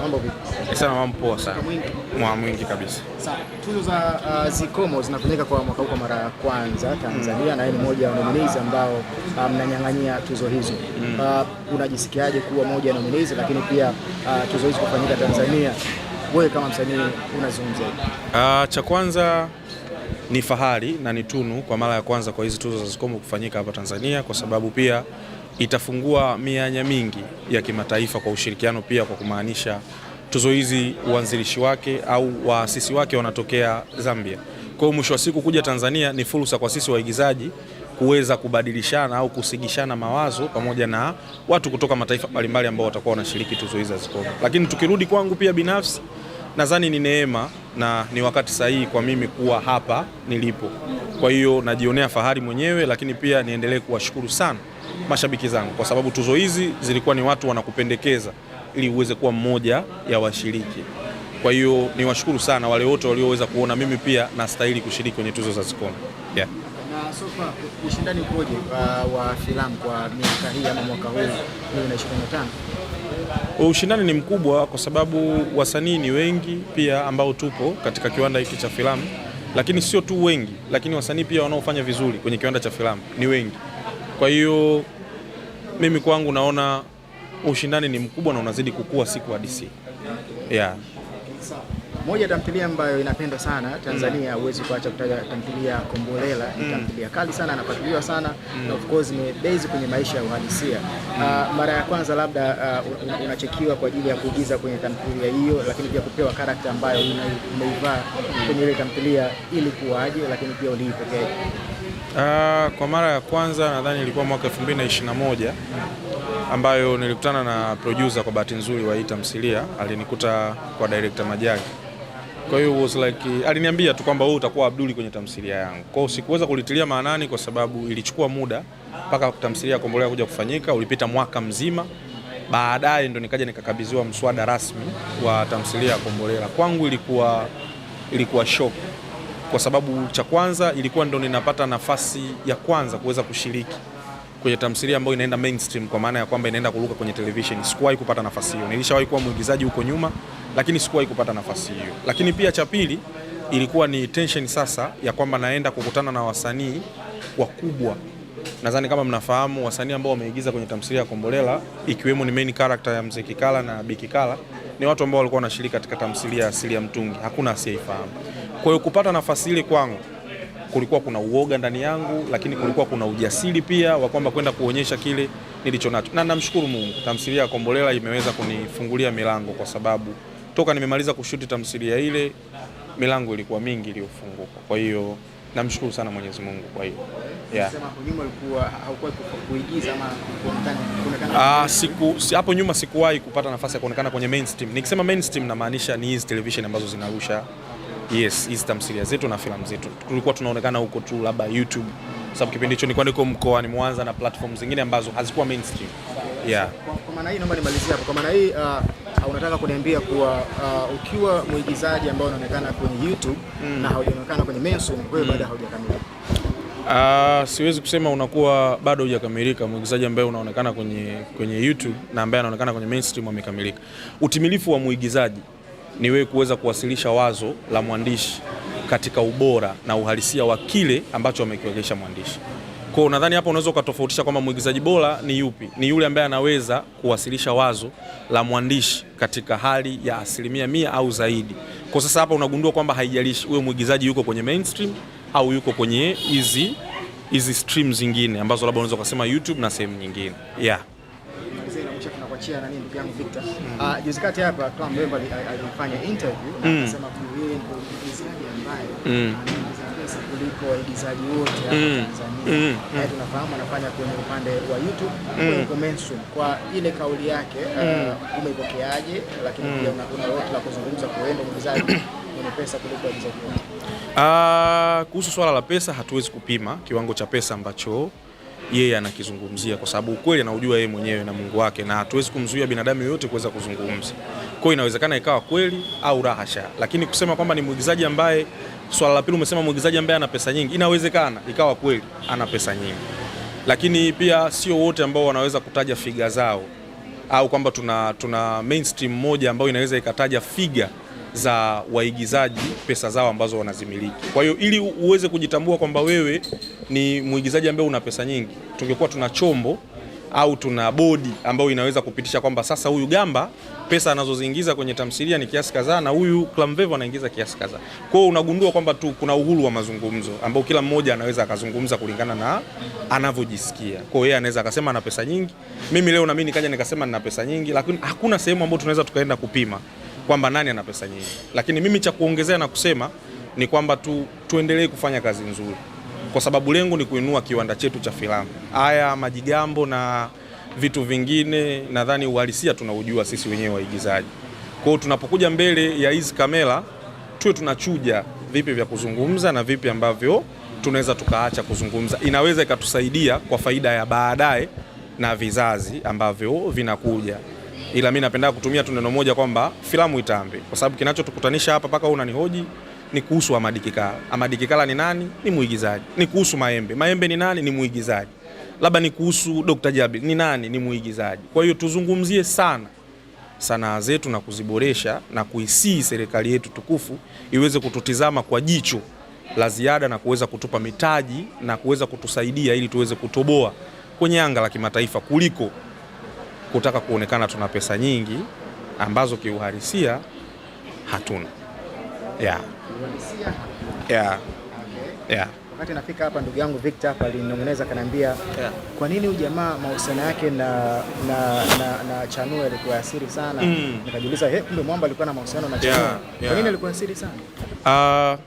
mambo vipi? Sana, mambo poa sana. Mwa mwingi kabisa. Sawa. Tuzo za uh, Zikomo zinafanyika kwa mwaka huu mara ya kwanza Tanzania, mm. na yeye ni mmoja wa nominees ambao uh, mnanyang'anyia um, tuzo hizo mm. uh, unajisikiaje kuwa mmoja wa nominees lakini pia uh, tuzo hizo kufanyika Tanzania, wewe kama msanii unazungumzaje? Uh, cha kwanza ni fahari na ni tunu kwa mara ya kwanza kwa hizi tuzo za Zikomo kufanyika hapa Tanzania, kwa sababu pia itafungua mianya mingi ya kimataifa kwa ushirikiano pia, kwa kumaanisha tuzo hizi uanzilishi wake au waasisi wake wanatokea Zambia. Kwa hiyo mwisho wa siku kuja Tanzania ni fursa kwa sisi waigizaji kuweza kubadilishana au kusigishana mawazo pamoja na watu kutoka mataifa mbalimbali ambao watakuwa wanashiriki tuzo hizi za Zikomo. Lakini tukirudi kwangu pia binafsi, nadhani ni neema na ni wakati sahihi kwa mimi kuwa hapa nilipo. Kwa hiyo najionea fahari mwenyewe, lakini pia niendelee kuwashukuru sana mashabiki zangu kwa sababu tuzo hizi zilikuwa ni watu wanakupendekeza ili uweze kuwa mmoja ya washiriki. Kwa hiyo niwashukuru sana wale wote walioweza kuona mimi pia nastahili kushiriki kwenye tuzo za Zikoni. Yeah. Na ushindani ukoje uh, wa filamu kwa miaka hii ama mwaka huu 2025? Ushindani ni mkubwa kwa sababu wasanii ni wengi pia ambao tupo katika kiwanda hiki cha filamu, lakini sio tu wengi, lakini wasanii pia wanaofanya vizuri kwenye kiwanda cha filamu ni wengi. Kwa hiyo mimi kwangu naona ushindani ni mkubwa na unazidi kukua siku hadi siku. Yeah. Moja tamthilia ambayo inapendwa sana Tanzania, mm. huwezi mm. kuacha kutaja tamthilia Kombolela. Ni mm. tamthilia kali sana, anafuatiliwa sana mm. na of course ni base kwenye maisha ya uhalisia mm. uh, mara ya kwanza labda uh, unachekiwa kwa ajili ya kuigiza kwenye tamthilia hiyo, lakini pia kupewa karakta ambayo umeivaa mm. kwenye ile tamthilia ili kuwaje, lakini pia uliipokea uh, kwa mara ya kwanza nadhani ilikuwa mwaka 2021 mm. ambayo nilikutana na producer kwa bahati nzuri wa hii tamthilia, alinikuta kwa director Majaki kwa hiyo was like eh, aliniambia tu kwamba wewe utakuwa Abduli kwenye tamthilia yangu. Kwa hiyo sikuweza kulitilia maanani kwa sababu ilichukua muda mpaka tamthilia ya Kombolela kuja kufanyika, ulipita mwaka mzima. Baadaye ndo nikaja nikakabidhiwa mswada rasmi wa tamthilia ya Kombolela. Kwangu ilikuwa ilikuwa shock kwa sababu cha kwanza ilikuwa ndo ninapata nafasi ya kwanza kuweza kushiriki kwenye tamthilia ambayo inaenda mainstream kwa maana ya kwamba inaenda kuruka kwenye television. Sikuwahi kupata nafasi hiyo. Nilishawahi kuwa mwigizaji huko nyuma, lakini sikuwahi kupata nafasi hiyo. Lakini pia cha pili ilikuwa ni tension sasa ya kwamba naenda kukutana na wasanii wakubwa. Nadhani kama mnafahamu wasanii ambao wameigiza kwenye tamthilia ya Kombolela ikiwemo ni main character ya Mzee Kikala na Biki Kala ni watu ambao walikuwa wanashiriki katika tamthilia ya Asili ya Mtungi, hakuna asiyeifahamu. Kwa hiyo kupata nafasi ile kwangu kulikuwa kuna uoga ndani yangu, lakini kulikuwa kuna ujasiri pia wa kwamba kwenda kuonyesha kile nilicho nacho na namshukuru Mungu, tamthilia ya Kombolela imeweza kunifungulia milango, kwa sababu toka nimemaliza kushuti tamthilia ile milango ilikuwa mingi iliyofunguka. Kwa hiyo namshukuru sana Mwenyezi Mungu kwa hiyo yeah. Ah, siku hapo nyuma sikuwahi kupata nafasi ya kuonekana kwenye mainstream. Nikisema mainstream namaanisha ni hizi television ambazo zinarusha Yes, hizi tamthilia zetu na filamu zetu tulikuwa tunaonekana huko tu labda YouTube, sababu kipindi hicho nilikuwa niko mkoani Mwanza na platform zingine ambazo hazikuwa mainstream. Yeah. Kwa maana hii naomba nimalizie hapo. Kwa maana hii uh, unataka kuniambia kuwa uh, ukiwa mwigizaji ambaye unaonekana kwenye YouTube mm. na haujaonekana kwenye mainstream, wewe mm. bado haujakamilika. Ah, Uh, siwezi kusema unakuwa bado hujakamilika. Mwigizaji ambaye unaonekana kwenye kwenye YouTube na ambaye anaonekana kwenye mainstream amekamilika. Utimilifu wa mwigizaji ni wewe kuweza kuwasilisha wazo la mwandishi katika ubora na uhalisia wa kile ambacho amekiwekesha mwandishi. Kwa nadhani hapo unaweza ukatofautisha kwamba mwigizaji bora ni yupi? Ni yule ambaye anaweza kuwasilisha wazo la mwandishi katika hali ya asilimia mia au zaidi. Kwa sasa hapa unagundua kwamba haijalishi wewe mwigizaji yuko kwenye mainstream au yuko kwenye hizi hizi stream zingine ambazo labda unaweza ukasema YouTube na sehemu nyingine yeah kumwachia nani ndugu yangu Victor. Ah, juzi kati hapa Clam Mbemba alifanya interview na mm. akasema kwamba yeye ndio mwigizaji ambaye mm. anaweza pesa kuliko waigizaji wote hapa mm. Tanzania. Na tunafahamu anafanya kwenye upande wa YouTube kwenye commensurate. Kwa ile kauli yake ah, umeipokeaje? Lakini pia una lolote la kuzungumza kuenda mwigizaji pesa kuliko waigizaji wote? Ah, kuhusu swala la pesa hatuwezi kupima kiwango cha pesa ambacho yeye anakizungumzia, kwa sababu ukweli anaujua yeye mwenyewe na Mungu wake, na hatuwezi kumzuia binadamu yoyote kuweza kuzungumza. Kwa hiyo inawezekana ikawa kweli au rahasha, lakini kusema kwamba ni mwigizaji ambaye, swala la pili umesema mwigizaji ambaye ana pesa nyingi, inawezekana ikawa kweli ana pesa nyingi, lakini pia sio wote ambao wanaweza kutaja figa zao au kwamba tuna, tuna mainstream moja ambayo inaweza ikataja figa za waigizaji pesa zao ambazo wanazimiliki. Kwa hiyo ili uweze kujitambua kwamba wewe ni mwigizaji ambaye una pesa nyingi, tungekuwa tuna chombo au tuna bodi ambayo inaweza kupitisha kwamba sasa huyu Gamba pesa anazoziingiza kwenye tamthilia ni kiasi kadhaa na huyu Clamvevo anaingiza kiasi kadhaa. Kwa hiyo unagundua kwamba tu kuna uhuru wa mazungumzo ambao kila mmoja anaweza akazungumza kulingana na anavyojisikia. Kwa hiyo yeye anaweza akasema ana pesa nyingi, mimi leo na mimi nikaja nikasema nina pesa nyingi, lakini hakuna sehemu ambayo tunaweza tukaenda kupima kwamba nani ana pesa nyingi, lakini mimi cha kuongezea na kusema ni kwamba tu, tuendelee kufanya kazi nzuri, kwa sababu lengo ni kuinua kiwanda chetu cha filamu. Haya majigambo na vitu vingine, nadhani uhalisia tunaujua sisi wenyewe waigizaji. Kwa hiyo tunapokuja mbele ya hizi kamera, tuwe tunachuja vipi vya kuzungumza na vipi ambavyo tunaweza tukaacha kuzungumza, inaweza ikatusaidia kwa faida ya baadaye na vizazi ambavyo vinakuja ila mi napenda kutumia tu neno moja kwamba filamu itambe, kwa sababu kinachotukutanisha hapa mpaka unanihoji ni kuhusu Amadi Kikala. Amadi Kikala ni nani? Ni muigizaji. Ni kuhusu Maembe. Maembe ni nani? Ni muigizaji. Labda ni kuhusu Dr. Jabi ni nani? Ni muigizaji. Kwa hiyo tuzungumzie sana sanaa zetu na kuziboresha na kuisii serikali yetu tukufu iweze kututizama kwa jicho la ziada na kuweza kutupa mitaji na kuweza kutusaidia ili tuweze kutoboa kwenye anga la kimataifa kuliko kutaka kuonekana tuna pesa nyingi ambazo kiuhalisia hatuna yeah. Yeah. Okay. Yeah. Wakati nafika hapa ndugu yangu Victor hapa alinong'oneza akaniambia, yeah. Kwa nini huyu jamaa mahusiano yake na, na, na, na Chanuo alikuwa asiri sana mm. Nikajiuliza, he, eh, kumbe mwamba alikuwa na mahusiano na Chanuo yeah. Yeah. Kwa nini alikuwa asiri sana? Uh,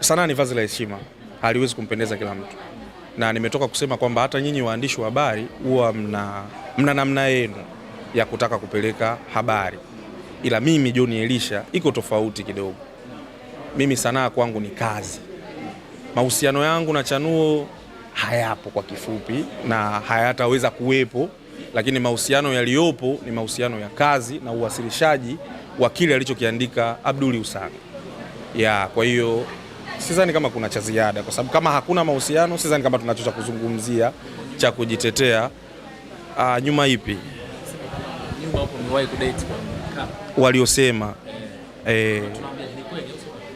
sanaa ni vazi la heshima, haliwezi kumpendeza kila mtu, na nimetoka kusema kwamba hata nyinyi waandishi wa habari huwa mna mna namna yenu ya kutaka kupeleka habari, ila mimi John Elisha iko tofauti kidogo. Mimi sanaa kwangu ni kazi. Mahusiano yangu na Chanuo hayapo kwa kifupi, na hayataweza kuwepo, lakini mahusiano yaliyopo ni mahusiano ya kazi na uwasilishaji wa kile alichokiandika Abdul Usani ya. Kwa hiyo sidhani kama kuna cha ziada, kwa sababu kama hakuna mahusiano, sidhani kama tuna cha kuzungumzia cha kujitetea. Uh, nyuma ipi? Nyuma hapo kudate kwa waliosema eh, eh,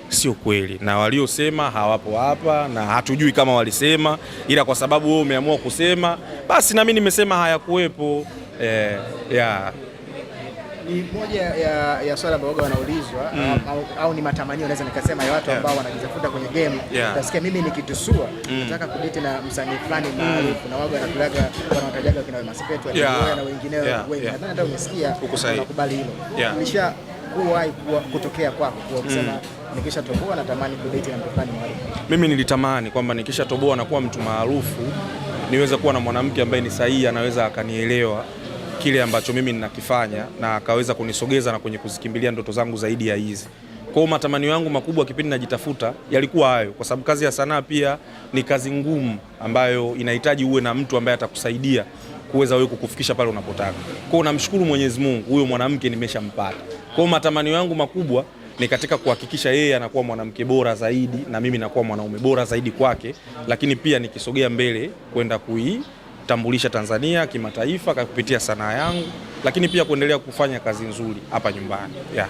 sio kweli na waliosema hawapo hapa na hatujui kama walisema, ila kwa sababu wewe umeamua kusema basi na mimi nimesema hayakuwepo eh, yeah ni moja ya, ya swala ambayo waga wanaulizwa mm. au, au ni matamanio naweza nikasema ya watu ambao yeah. wanajitafuta kwenye game yeah. Nasikia mimi nikitusua mm. nataka kudate na msanii fulani mm. maarufu na waga anatulaga wanawatajaga kina Wema Sepetu yeah. na wengineo yeah. wengi yeah. Nadhani hata umesikia unakubali hilo yeah. Nisha kuwahi kutokea kwako kwa kusema mm. nikishatoboa natamani kudate na mtu fulani maarufu. Mimi nilitamani kwamba nikishatoboa na kuwa mtu maarufu niweze kuwa na mwanamke ambaye ni sahihi anaweza akanielewa kile ambacho mimi ninakifanya na akaweza kunisogeza na kwenye kuzikimbilia ndoto zangu zaidi ya hizi. Kwa matamanio yangu makubwa kipindi najitafuta yalikuwa hayo, kwa sababu kazi ya sanaa pia ni kazi ngumu ambayo inahitaji uwe na mtu ambaye atakusaidia kuweza wewe kukufikisha pale unapotaka. Kwa hiyo namshukuru Mwenyezi Mungu, huyo mwanamke nimeshampata. Kwa matamanio yangu makubwa ni katika kuhakikisha yeye anakuwa mwanamke bora zaidi na mimi nakuwa mwanaume bora zaidi kwake, lakini pia nikisogea mbele kwenda kui kutambulisha Tanzania kimataifa kupitia sanaa yangu, lakini pia kuendelea kufanya kazi nzuri hapa nyumbani yeah.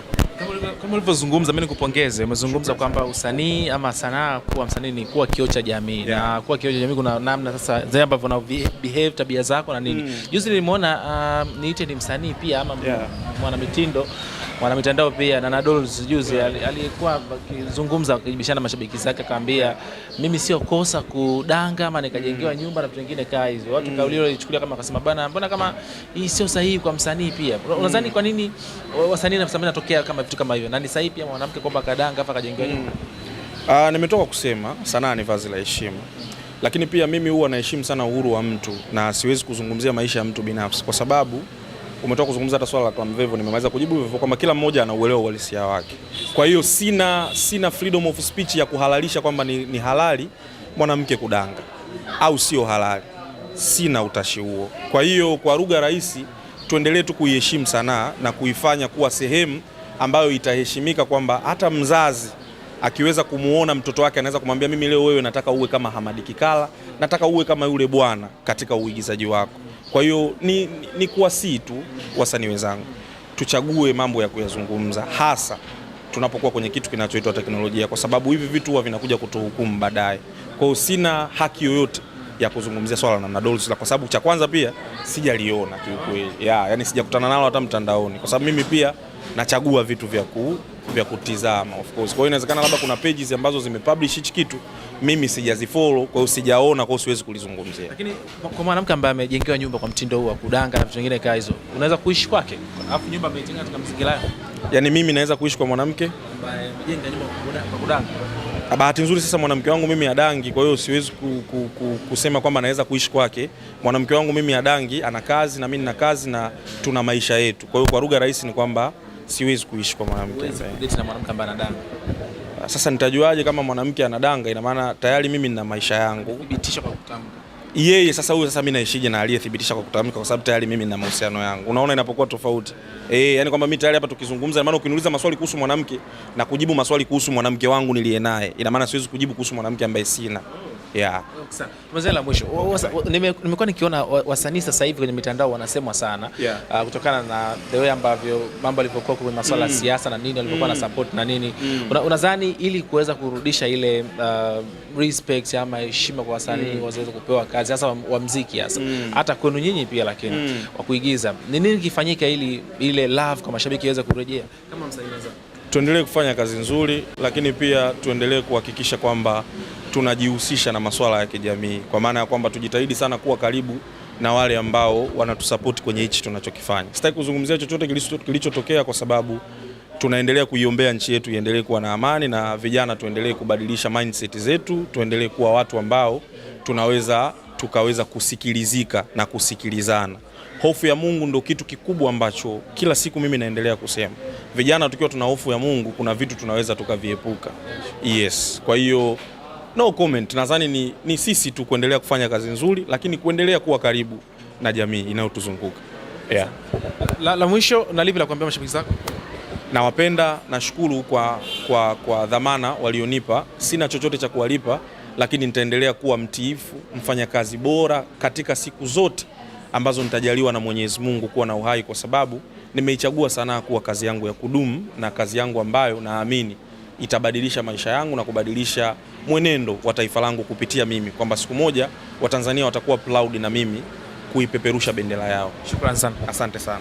Kama ulivyozungumza, mimi nikupongeze. Umezungumza kwamba usanii ama sanaa, kuwa msanii ni kuwa kioo cha jamii yeah. na kuwa kioo cha jamii kuna namna sasa zile ambavyo una behave tabia zako na nini mm. Juzi nilimwona uh, niite ni msanii pia ama yeah. mwanamitindo wana mitandao pia Nana Dolls juzi aliyekuwa akizungumza akijibishana mashabiki zake akamwambia, mimi sio kosa kudanga ama nikajengewa mm. nyumba na vitu vingine kaa hizo. Watu mm. kauli hiyo walichukulia kama akasema bana, mbona kama hii sio sahihi kwa msanii pia. Mm. Unadhani kwa nini wasanii na msanii natokea kama vitu kama hivyo, na ni sahihi pia mwanamke kwamba kadanga afa kajengewa nyumba? Ah, nimetoka kusema sanaa ni vazi la heshima, lakini pia mimi huwa naheshimu sana uhuru wa mtu na siwezi kuzungumzia maisha ya mtu binafsi kwa sababu umetoka kuzungumza hata swala la Clam Vevo, nimemaliza kujibu hivyo kwamba kila mmoja anauelewa uhalisia wake. Kwa hiyo sina, sina freedom of speech ya kuhalalisha kwamba ni, ni halali mwanamke kudanga au sio halali, sina utashi huo. Kwa hiyo kwa lugha rahisi, tuendelee tu kuiheshimu sanaa na kuifanya kuwa sehemu ambayo itaheshimika, kwamba hata mzazi akiweza kumuona mtoto wake anaweza kumwambia mimi leo wewe nataka uwe kama Hamadi Kikala, nataka uwe kama yule bwana katika uigizaji wako. Kwa hiyo ni, ni, ni kuwasii tu wasanii wenzangu tuchague mambo ya kuyazungumza hasa tunapokuwa kwenye kitu kinachoitwa teknolojia, kwa sababu hivi vitu huwa vinakuja kutuhukumu baadaye. Kwa hiyo sina haki yoyote ya kuzungumzia swala la namna Dolls, kwa sababu cha kwanza pia sijaliona kiukweli, ya yani sijakutana nalo hata mtandaoni, kwa sababu mimi pia nachagua vitu vya ku, vya kutizama of course. Kwa hiyo inawezekana labda kuna pages ambazo zimepublish hichi kitu mimi sijazifollow, kwa hiyo sijaona, kwa hiyo siwezi kulizungumzia. Lakini kwa mwanamke ambaye amejengewa nyumba kwa mtindo huu wa kudanga na vitu vingine kama hizo, unaweza kuishi kwake, alafu nyumba ameijenga katika mazingira yao? Yaani mimi naweza kuishi kwa mwanamke ambaye amejenga nyumba kwa kudanga? Ah, bahati nzuri sasa mwanamke wangu mimi adangi, kwa hiyo siwezi ku, ku, ku, kusema kwamba naweza kuishi kwake. Mwanamke wangu mimi adangi, ana kazi na mimi nina kazi na tuna maisha yetu. Kwa hiyo kwa lugha rahisi ni kwamba siwezi kuishi kwa mwanamke ambaye anadanga. Sasa nitajuaje kama mwanamke anadanga? Ina maana tayari mimi nina maisha yangu. Thibitisha kwa kutamka. Yeye sasa huyu sasa mimi naishije na aliyethibitisha kwa kutamka kwa sababu tayari mimi nina mahusiano yangu. Unaona inapokuwa tofauti. Eh, yani kwamba mimi tayari hapa tukizungumza, ina maana ukiniuliza maswali kuhusu mwanamke na kujibu maswali kuhusu mwanamke wangu niliye naye. Ina maana siwezi kujibu kuhusu mwanamke ambaye sina. Yeah. Mzee la mwisho nimekuwa nikiona wasanii sasa hivi kwenye mitandao wanasemwa sana yeah. Uh, kutokana na the way ambavyo mambo yalivyokuwa kwenye masuala ya mm. siasa na nini walivyokuwa mm. na support na nini mm. Una, unadhani ili kuweza kurudisha ile uh, respect ama heshima kwa wasanii mm. waweze kupewa kazi hasa wa, wa mziki hasa mm. kwenu nyinyi pia lakini mm. wa kuigiza ni nini kifanyika ili ile love kwa mashabiki iweze kurejea kama msanii? Tuendelee kufanya kazi nzuri, lakini pia tuendelee kuhakikisha kwamba tunajihusisha na masuala ya kijamii, kwa maana ya kwamba tujitahidi sana kuwa karibu na wale ambao wanatusapoti kwenye hichi tunachokifanya. Sitaki kuzungumzia chochote kilichotokea kwa sababu tunaendelea kuiombea nchi yetu iendelee kuwa na amani na vijana tuendelee kubadilisha mindset zetu, tuendelee kuwa watu ambao tunaweza tukaweza kusikilizika na kusikilizana. Hofu ya Mungu ndio kitu kikubwa ambacho kila siku mimi naendelea kusema, vijana tukiwa tuna hofu ya Mungu kuna vitu tunaweza tukaviepuka. Yes, kwa hiyo No comment. Nadhani ni, ni sisi tu kuendelea kufanya kazi nzuri, lakini kuendelea kuwa karibu na jamii inayotuzunguka yeah. La, la mwisho na lipi la kuambia mashabiki zako? Nawapenda, nashukuru kwa, kwa, kwa dhamana walionipa. Sina chochote cha kuwalipa, lakini nitaendelea kuwa mtiifu, mfanyakazi bora katika siku zote ambazo nitajaliwa na Mwenyezi Mungu kuwa na uhai, kwa sababu nimeichagua sanaa kuwa kazi yangu ya kudumu na kazi yangu ambayo naamini itabadilisha maisha yangu na kubadilisha mwenendo wa taifa langu kupitia mimi, kwamba siku moja Watanzania watakuwa proud na mimi kuipeperusha bendera yao. Shukrani sana, asante sana.